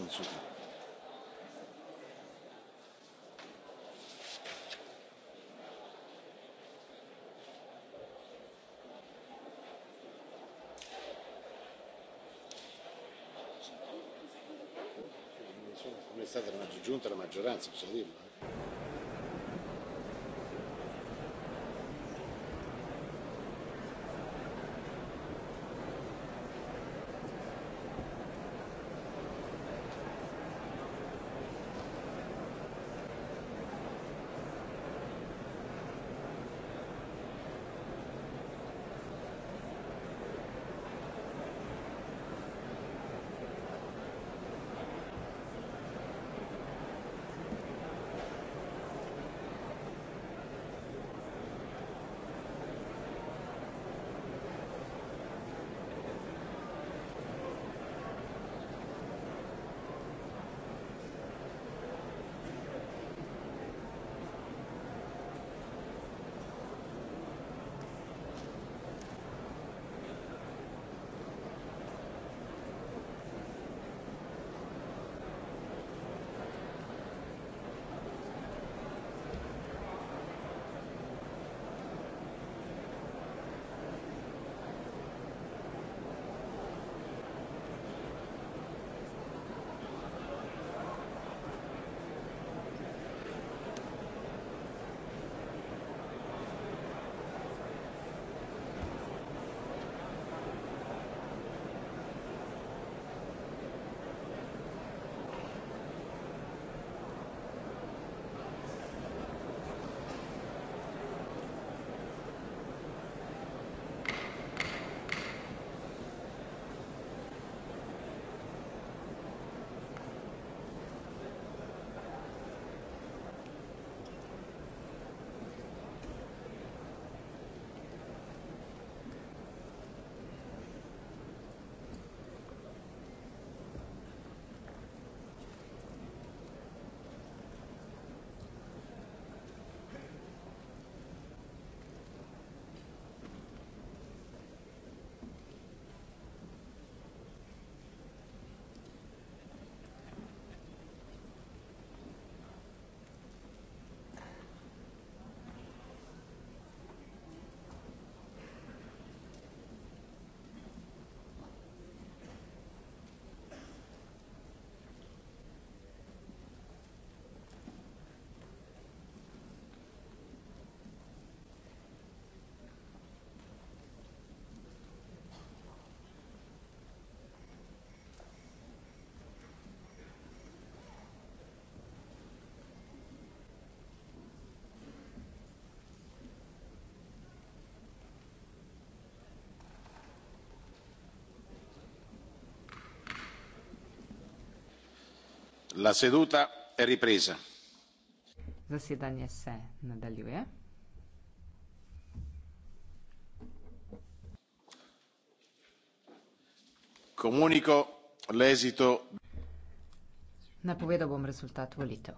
hinzufügen. la convenzione non è stata raggiunta la maggioranza bisogna dirlo. Eh. la seduta è ripresa zasedanje se nadaljuje comunico l'esito napovedal bom rezultat volitev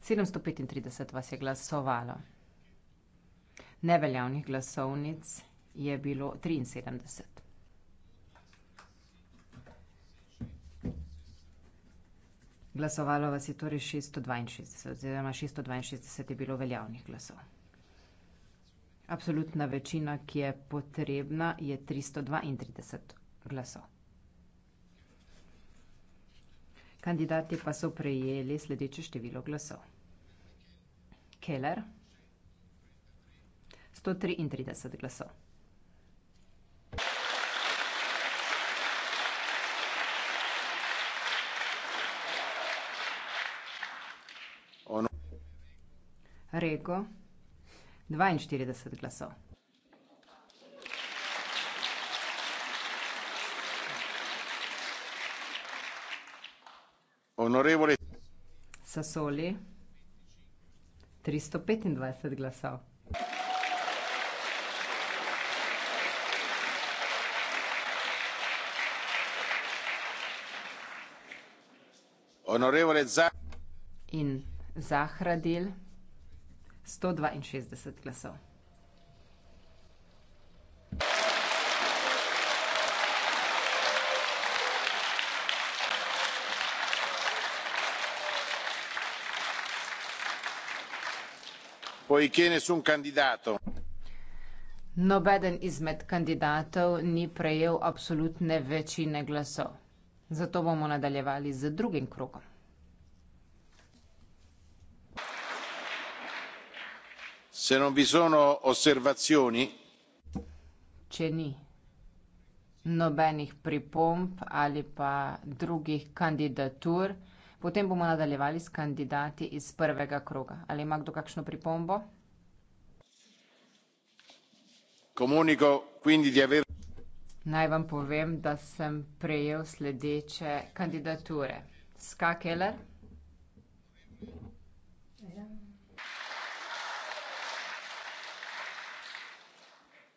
sedemsto petintrideset vas je glasovalo neveljavnih glasovnic je bilo triinsedemdeset Glasovalo vas je torej 662, oziroma 662 je bilo veljavnih glasov. Absolutna večina, ki je potrebna, je 332 glasov. Kandidati pa so prejeli sledeče število glasov. Keller 133 glasov. Rego, 42 glasov. Honorevole. Sassoli, 325 glasov. Honorevole Zah. In Zahradil. 162 glasov. Poiché nessun candidato. Nobeden izmed kandidatov ni prejel absolutne večine glasov. Zato bomo nadaljevali z drugim krogom. se non vi sono osservazioni če ni nobenih pripomb ali pa drugih kandidatur potem bomo nadaljevali s kandidati iz prvega kroga ali ima kdo kakšno pripombo comunico quindi di aver naj vam povem da sem prejel sledeče kandidature ska keller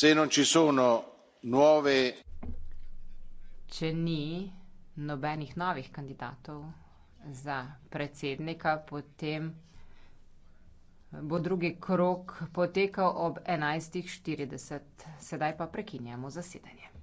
se non ci sono nuove Če ni nobenih novih kandidatov za predsednika, potem bo drugi krok potekal ob 11.40. Sedaj pa prekinjamo zasedanje.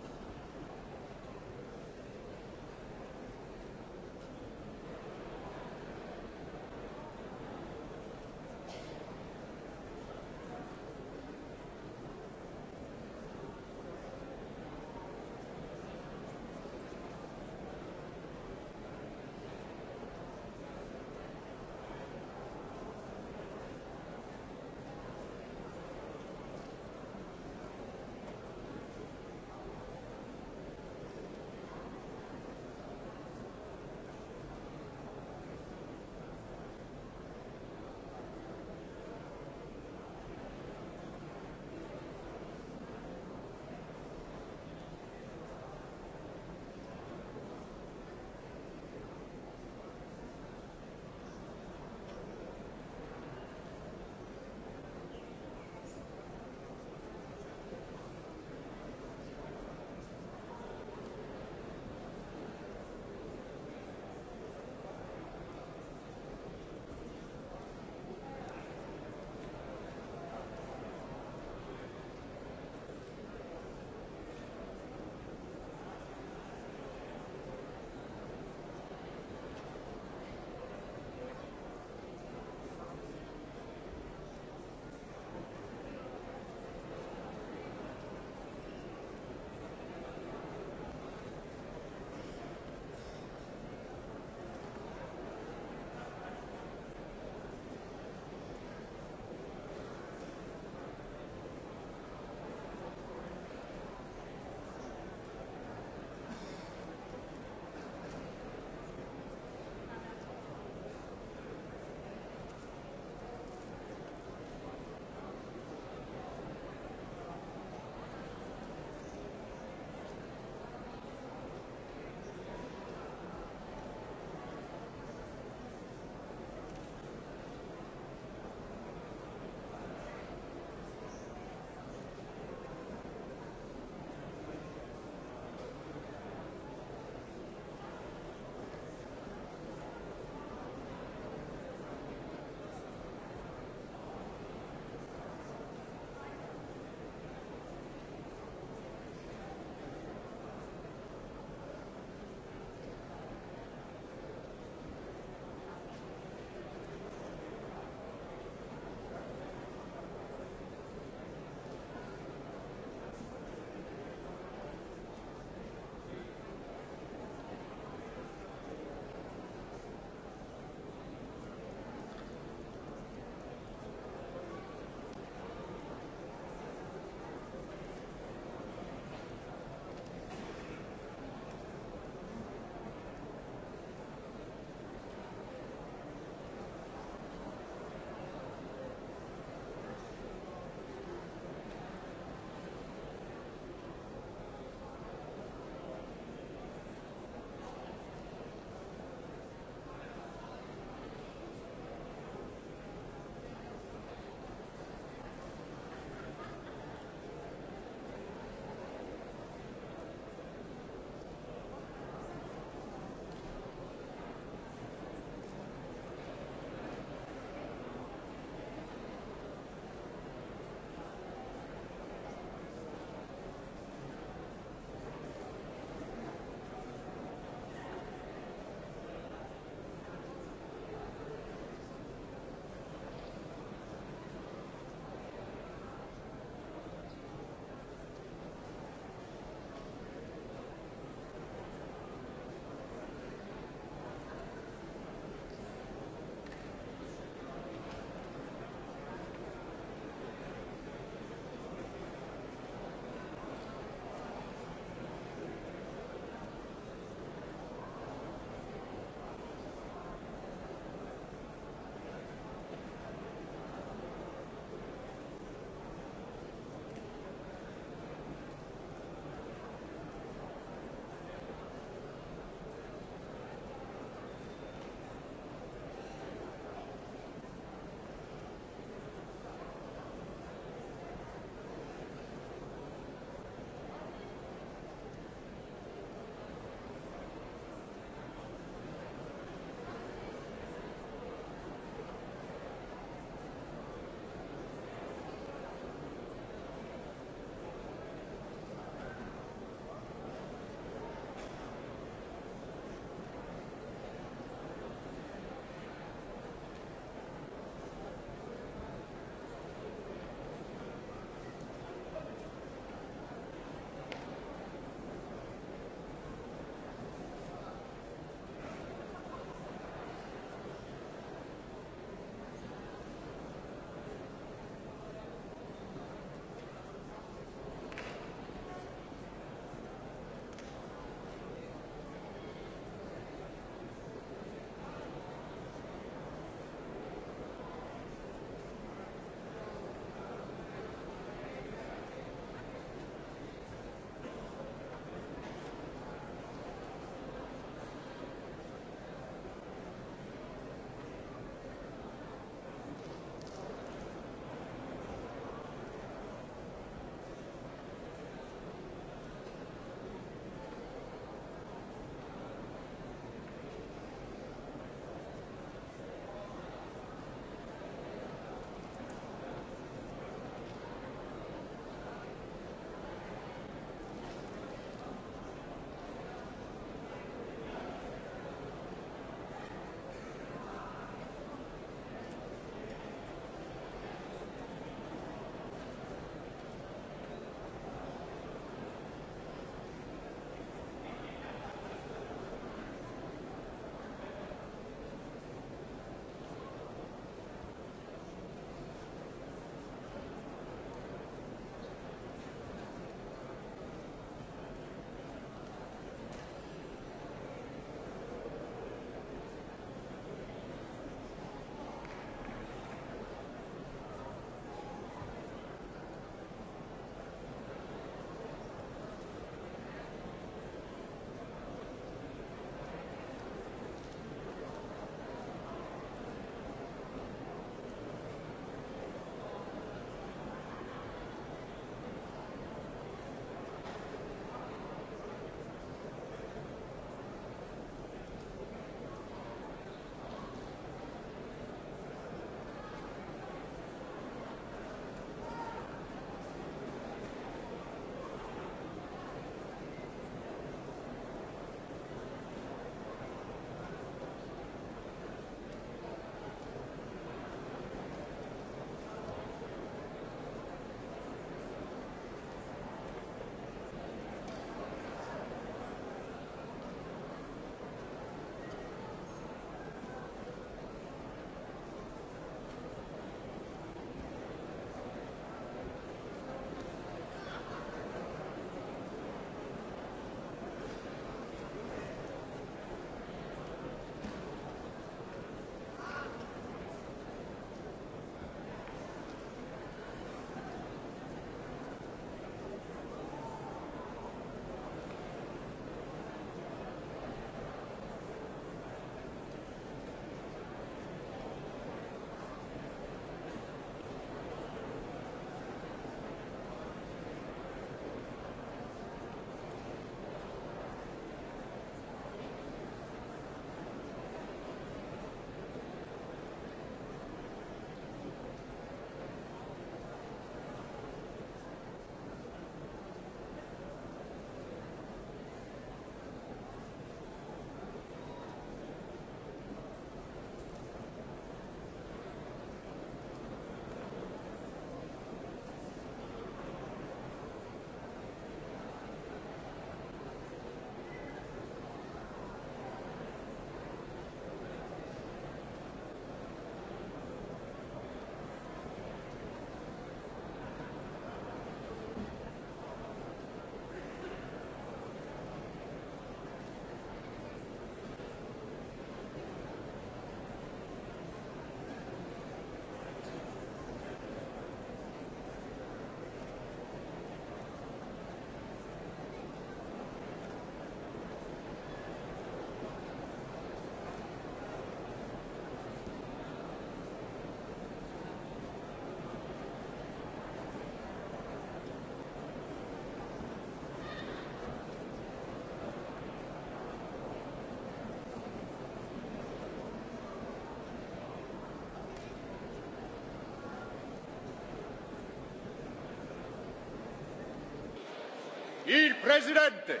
presidente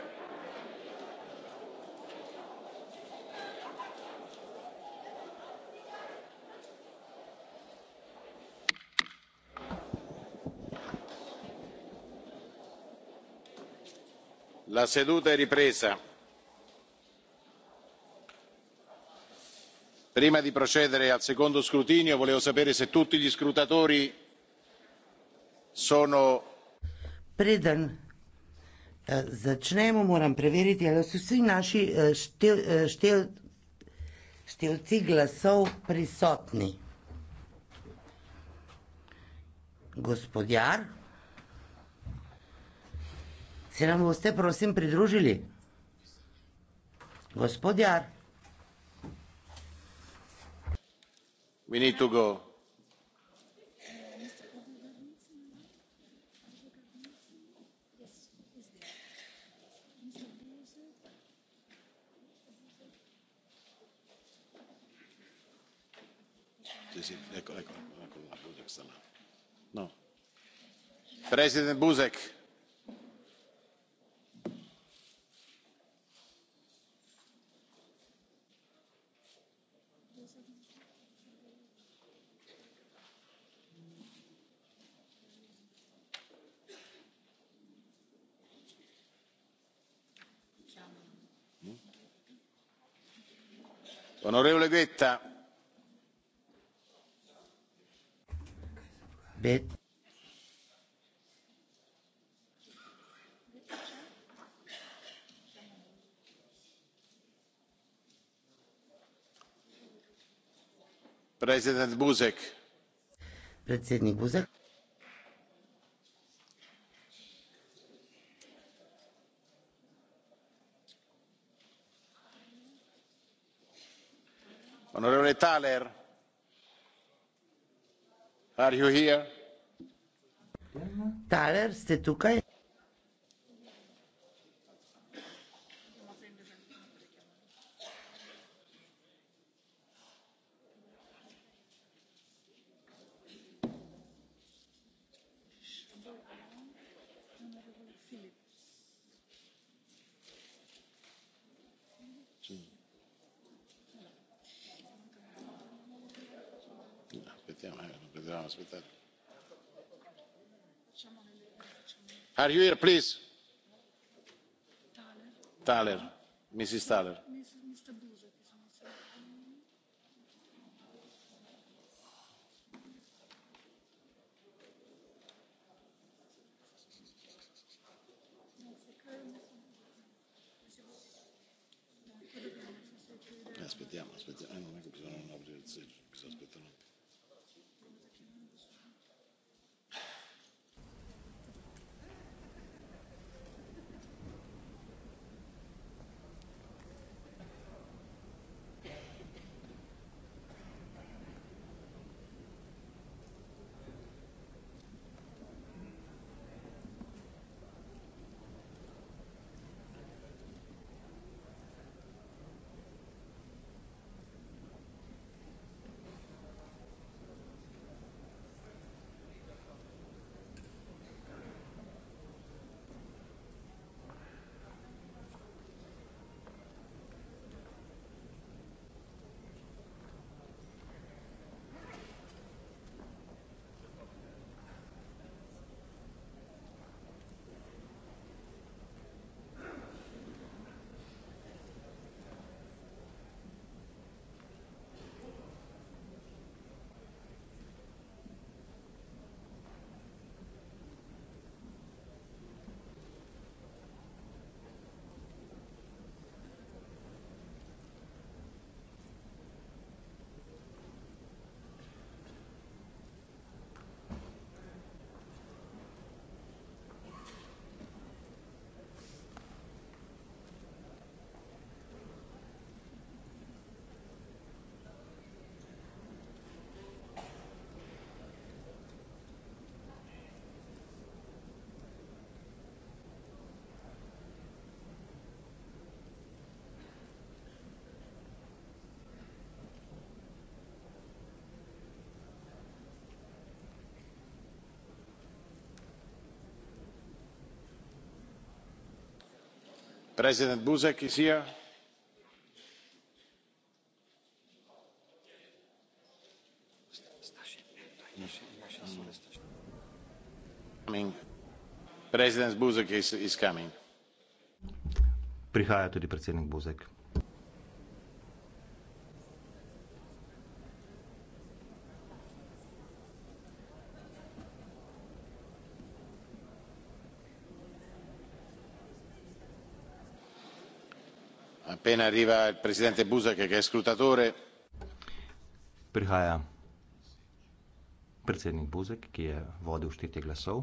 la seduta è ripresa prima di procedere al secondo scrutinio volevo sapere se tutti gli scrutatori sono preden Eh, začnemo, moram preveriti, ali so vsi naši eh, štel, eh, štel, števci glasov prisotni. Gospodjar, se nam boste prosim pridružili? Gospodjar. We need to go. No. president buzek onorevole vetta predsednik buzek onorevole thaler taler ste tukaj? are you here please? thaler ms thaler. president buzek is here president buzek is coming prihaja tudi predsednik buzek appena arriva il presidente buzek che è scrutatore prihaja predsednik buzek ki je vodil štetje glasov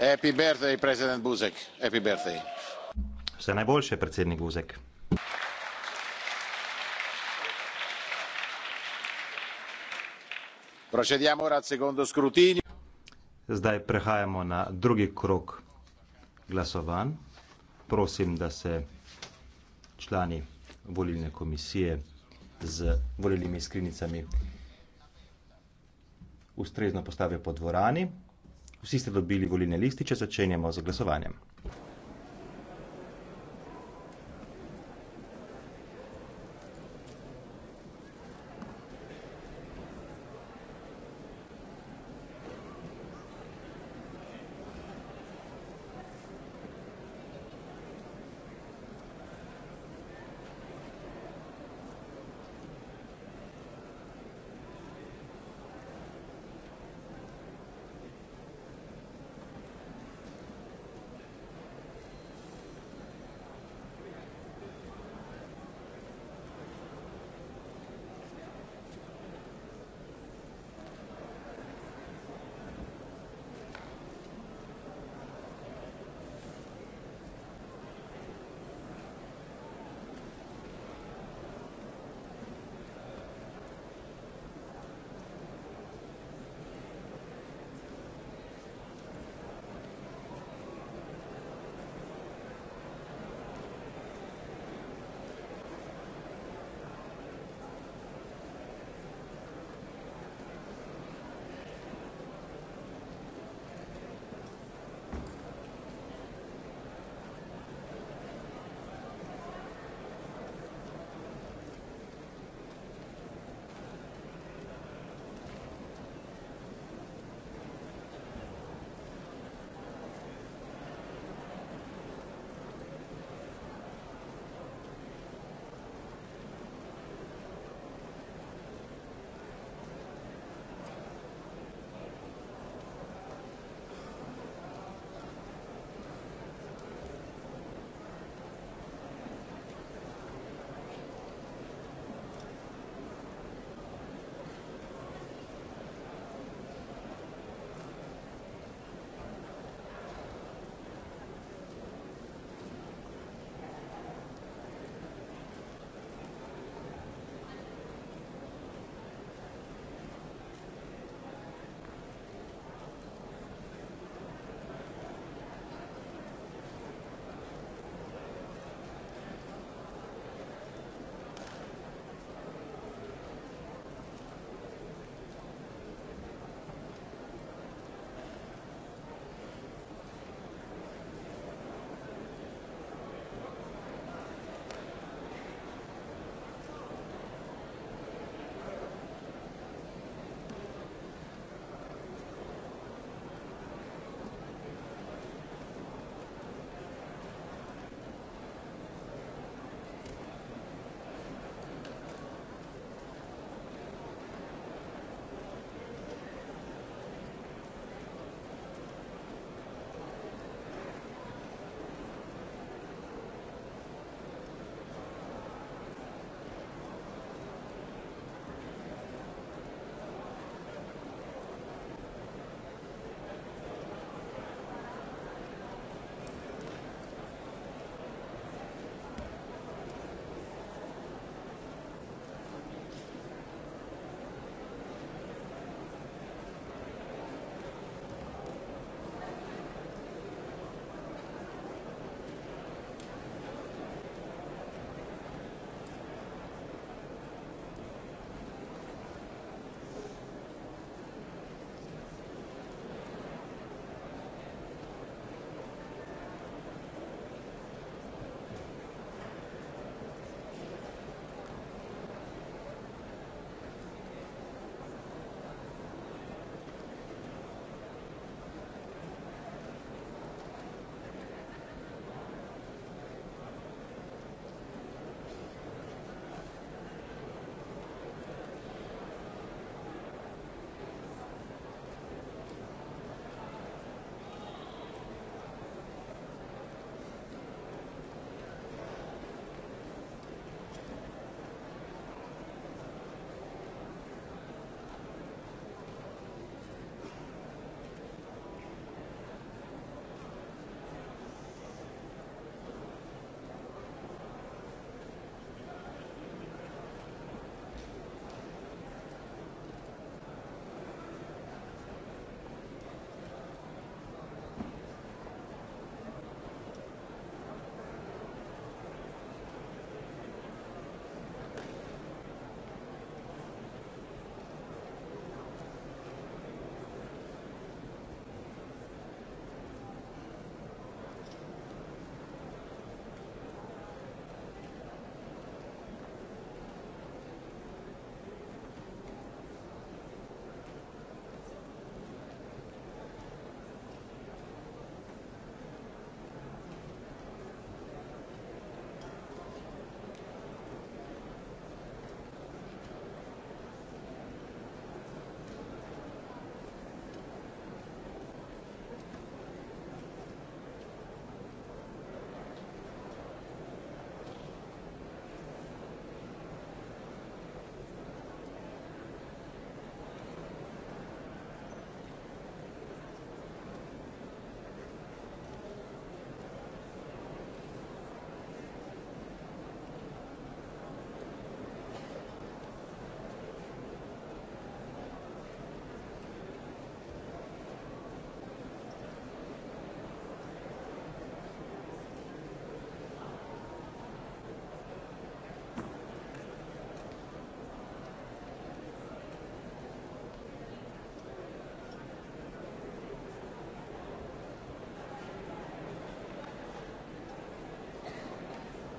happy birthday president buzek happy birthday vse najboljše predsednik buzek procediamo ora al secondo scrutinio zdaj prehajamo na drugi krog glasovanj prosim da se člani volilne komisije z volilnimi skrinjicami ustrezno postavijo po dvorani Vsi ste dobili volilne lističe, začenjamo z glasovanjem.